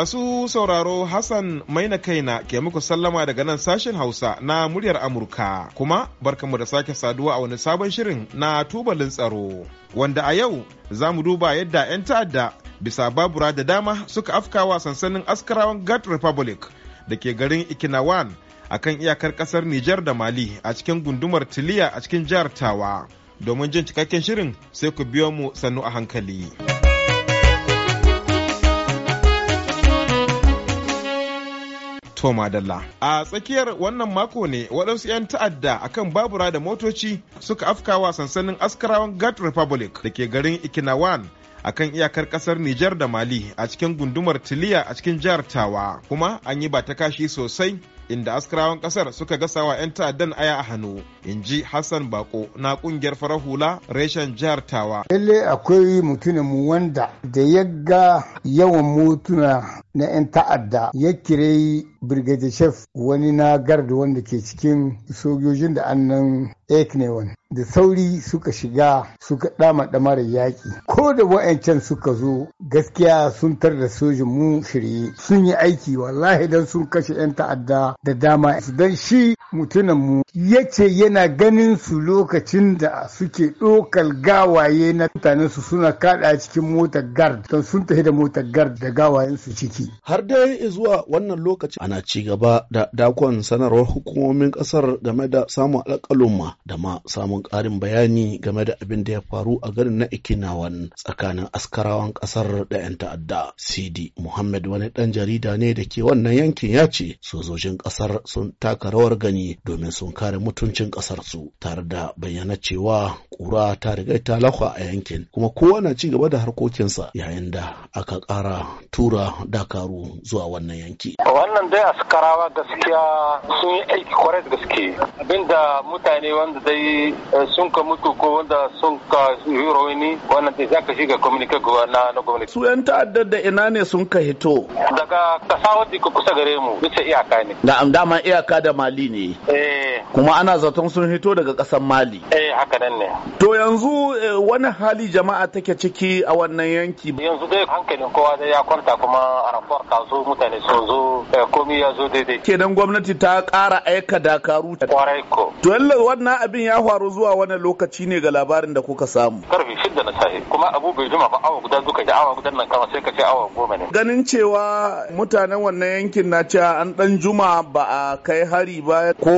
Masu sauraro Hassan maina kaina ke muku sallama daga nan sashen Hausa na muryar Amurka kuma barkanmu da sake saduwa a wani sabon shirin na tubalin tsaro wanda a yau za mu duba yadda 'yan ta'adda bisa babura da dama suka afkawa sansanin askarawan Gat Republic da ke garin Ikinawan a kan iyakar kasar Nijar da Mali a cikin gundumar Tiliya a cikin jihar Tawa. Domin jin cikakken shirin sai ku biyo mu sannu a hankali. To madalla. A tsakiyar wannan mako ne waɗansu 'yan ta'adda akan babura da motoci suka afkawa sansanin askarawan Gat Republic da ke garin Ikinawan a kan iyakar ƙasar Nijar da Mali a cikin gundumar Tiliya a cikin jihar Tawa kuma an yi ba ta kashi sosai inda askarawan ƙasar suka gasawa 'yan ta'addan aya a hannu in ji Hassan Bako na ƙungiyar farar hula reshen jihar Tawa. Lalle akwai mutumin mu wanda da ya ga yawan motuna na 'yan ta'adda ya kire brigadier chef wani na gard wanda ke cikin sojojin da annan eknewan da sauri suka shiga suka dama damar yaƙi ko da wa'ancan suka zo gaskiya sun tar da sojin mu shirye sun yi aiki wallahi dan sun kashe 'yan ta'adda da dama dan shi mutunan mu ya ce yana ganin su lokacin da suke ɗokal gawaye na mutanen su suna kada cikin motar gard don sun tafi da motar gard da gawayen su ciki har dai zuwa wannan lokaci ana ci gaba da dakon sanarwar hukumomin kasar game da samun alƙalumma da ma samun ƙarin bayani game da abin da ya faru a garin na ikinawan tsakanin askarawan kasar da 'yan ta'adda sidi muhammad wani ɗan jarida ne da ke wannan yankin ya ce sojojin kasar sun taka rawar gani domin sun kare mutuncin kasar su tare da bayyana cewa kura ta riga ta a yankin kuma kowa na ci gaba da harkokinsa yayin da aka ƙara tura daka karu zuwa wannan yanki. Wannan dai askarawa gaskiya sun yi aiki kwarai da gaske abinda mutane wanda dai eh, sun ka mutu ko wanda sun ka yi rauni wannan dai za ka shiga communique na gwamnati. Su 'yan ta'addar da ina ne sun ka hito? Daga kasa wadda ka kusa gare mu bisa iyaka ne. Da dama iyaka da Mali ne. Eh. Kuma ana zaton sun hito daga ƙasar Mali. Eh haka nan ne. To yanzu eh, wani hali jama'a take ciki a wannan yanki. Yanzu dai hankalin kowa dai ya kwanta kuma Ka kasuwa mutane sun zo eh, komi ya zo daidai. Kenan gwamnati ta ƙara aika dakaru. Kwarai ko. To yalla wannan abin ya faru zuwa wani lokaci ne ga labarin da kuka samu. Karfi da na safe kuma abu bai juma ba awa guda duka awa guda nan kama sai ka ce awa goma ne ganin cewa mutanen wannan yankin na cewa an dan juma ba a kai hari ba ko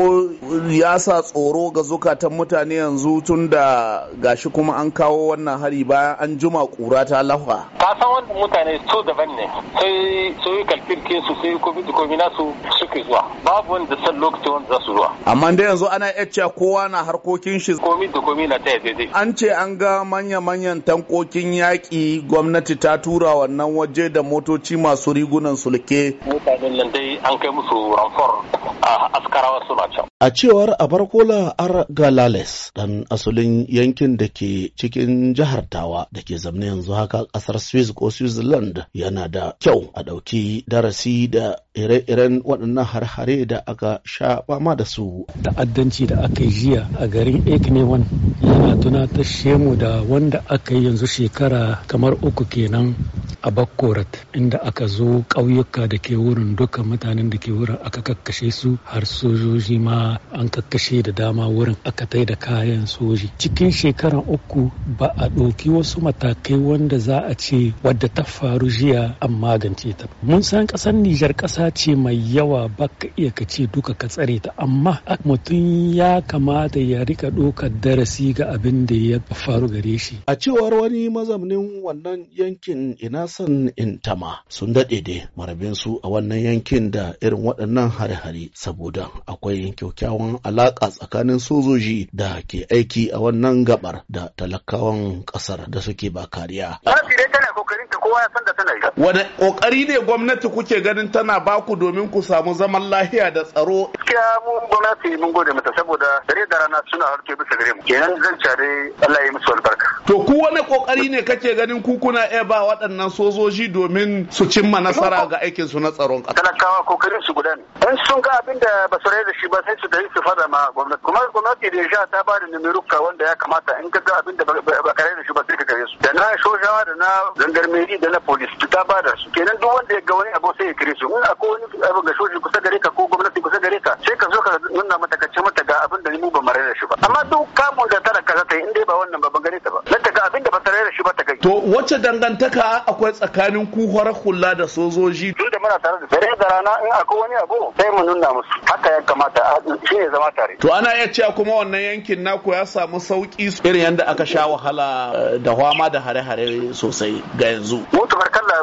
ya sa tsoro ga zukatan mutane yanzu tun da gashi kuma an kawo wannan hari bayan an juma kura ta lafa ka san wannan mutane su daban ne sai su yi kalfin su sai covid covid su suke zuwa babu wanda san lokacin wanda za su zuwa amma dai yanzu ana iya kowa na harkokin shi komi da komi na ta daidai an ce an ga manya. manyan tankokin yaƙi gwamnati ta tura wannan waje da motoci masu rigunan sulke mutanen nan dai an kai musu ramfor a askarawa suna can A cewar Abarkola argalales ɗan asalin yankin da ke cikin jihar Tawa da ke zamne yanzu haka ƙasar Swiss ko Switzerland yana da kyau a ɗauki darasi da ire-iren waɗannan har-hare da aka sha fama da su. Ta'addanci da aka yi jiya a garin Eknewan yana tunatar shemu da wanda aka yi yanzu shekara kamar uku kenan a Bakkorat inda aka zo ƙauyuka da ke wurin duka mutanen da ke wurin aka kakkashe su har sojoji ma an kakkashe da dama wurin aka tai da kayan soji cikin shekaran uku ba a ɗauki wasu matakai wanda za a ce wadda ta faru jiya an magance ta mun san ƙasar nijar ƙasa ce mai yawa ba ka iya ka duka ka tsare ta amma mutum ya kamata ya rika ɗaukar darasi ga abin da ya faru gare shi a cewar wani mazaunin wannan yankin ina son intama sun daɗe da marabinsu a wannan yankin da irin waɗannan hare-hare saboda akwai yankin kyakkyawan alaƙa tsakanin sojoji da ke aiki a wannan gabar da talakawan ƙasar da suke ba kariya. Wane kokari ne gwamnati kuke ganin tana baku domin ku samu zaman lahiya da tsaro? Gaskiya mu gwamnati mun gode mata saboda dare da rana suna harke bisa gare mu. Kenan zan care Allah ya musu albarka. To ku wani kokari ne kake ganin ku kuna iya ba waɗannan sojoji domin su cimma nasara ga aikin su na tsaron ƙasa? Talakawa kokarin su guda ne. In sun ga abin da ba su da shi ba sai su su da su fada ma gwamnati kuma gwamnati da sha ta bada da numeruka wanda ya kamata in ka ga abin da ba kare da shi ba sai ka kare su da na shojawa da na zangarmeri da na polis ta bada su kenan duk wanda ya ga wani abu sai ya kare su in akwai wani abu ga shoji kusa gare ka ko gwamnati kusa gare ka sai ka zo ka nuna mata ka ce mata ga abin da mu ba mare da shi ba amma duk kamun da tara ka zata yi in dai ba wannan ba ban gare ta ba na ta ga abin da ba tare da shi ba ta kai to wacce dangantaka akwai tsakanin ku hula da sojoji kamata muna tare da dare da rana in akwai wani abu sai mu nuna musu haka ya kamata shi ne zama tare to ana iya cewa kuma wannan yankin naku ya samu sauki irin yadda aka sha wahala eh, da hwama da hare-hare sosai ga yanzu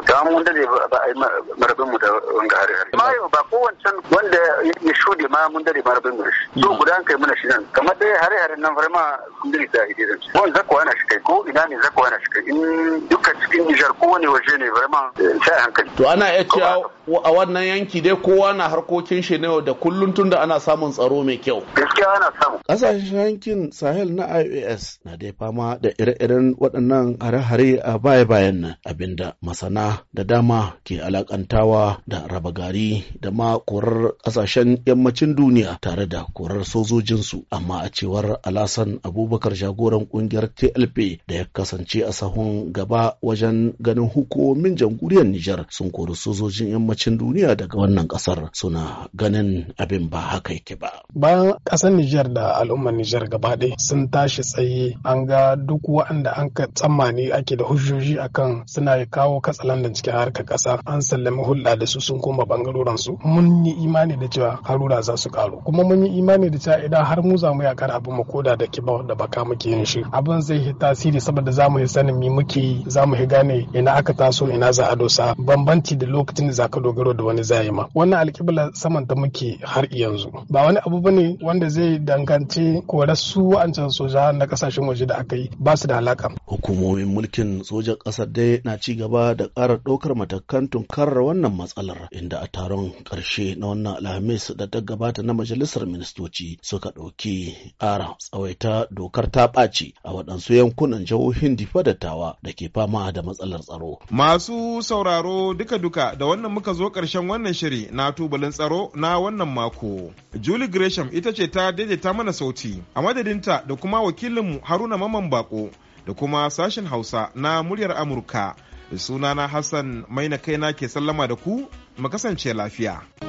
gaskiya mun dade ba a yi marabin mu da wanga hari hari mayo ba kowancan wanda ya shude ma mun dade marabin mu shi so guda an kai mana shi nan kamar dai hari hari nan farma sun dade da ide zan wani zakwa shi kai ko ina ne zakwa ana shi kai in duka cikin nijar ko wani waje ne farma eh, sai hankali to ana iya cewa a wannan yanki dai kowa na harkokin shi ne da da tun tunda ana samun tsaro mai kyau. Gaskiya ana samu. Ƙasashen yankin Sahel na IOS na dai fama da ire-iren waɗannan hare-hare a baya-bayan nan abinda masana da dama ke alakantawa da raba gari da ma korar ƙasashen yammacin duniya tare da korar sojojinsu amma a cewar Alasan Abubakar jagoran ƙungiyar TLP da ya kasance a sahun gaba wajen ganin hukumomin jamhuriyar Nijar sun kori sojojin yammacin yammacin duniya daga wannan kasar suna ganin abin ba haka yake ba. Bayan kasar Nijar da al'ummar Nijar gaba ɗaya sun tashi tsaye an ga duk wa'anda an ka tsammani ake da hujjoji akan suna kawo katsalan da cikin harkar kasa an sallami hulɗa da su sun koma bangaroren su mun yi imani da cewa harura za su karu kuma mun yi imani da cewa idan har mu za mu yakar abin mu koda da kiba da baka muke yin shi abin zai yi tasiri saboda za mu yi sanin mi muke za mu yi gane ina aka taso ina za a dosa bambanci da lokacin da za ka dogaro da wani zai ma wannan alƙibla saman ta muke har yanzu ba wani abu bane wanda zai danganci korar su wa'ancan soja na kasashen waje da aka yi ba su da alaka hukumomin mulkin sojan ƙasar dai na ci gaba da ƙara ɗaukar matakan tunkarar wannan matsalar inda a taron ƙarshe na wannan alhamis da ta gabata na majalisar ministoci suka ɗauki ƙara tsawaita dokar ta ɓaci a waɗansu yankunan jihohin difa da tawa da ke fama da matsalar tsaro masu sauraro duka-duka da wannan muka zo ƙarshen wannan shiri na tubalin tsaro na wannan mako. Julie Gresham ita ce ta daidaita mana sauti a madadinta da kuma wakilinmu Haruna Maman Bako da kuma sashen Hausa na muryar Amurka. Sunana Hassan Maina Kaina ke sallama da ku, mu kasance lafiya.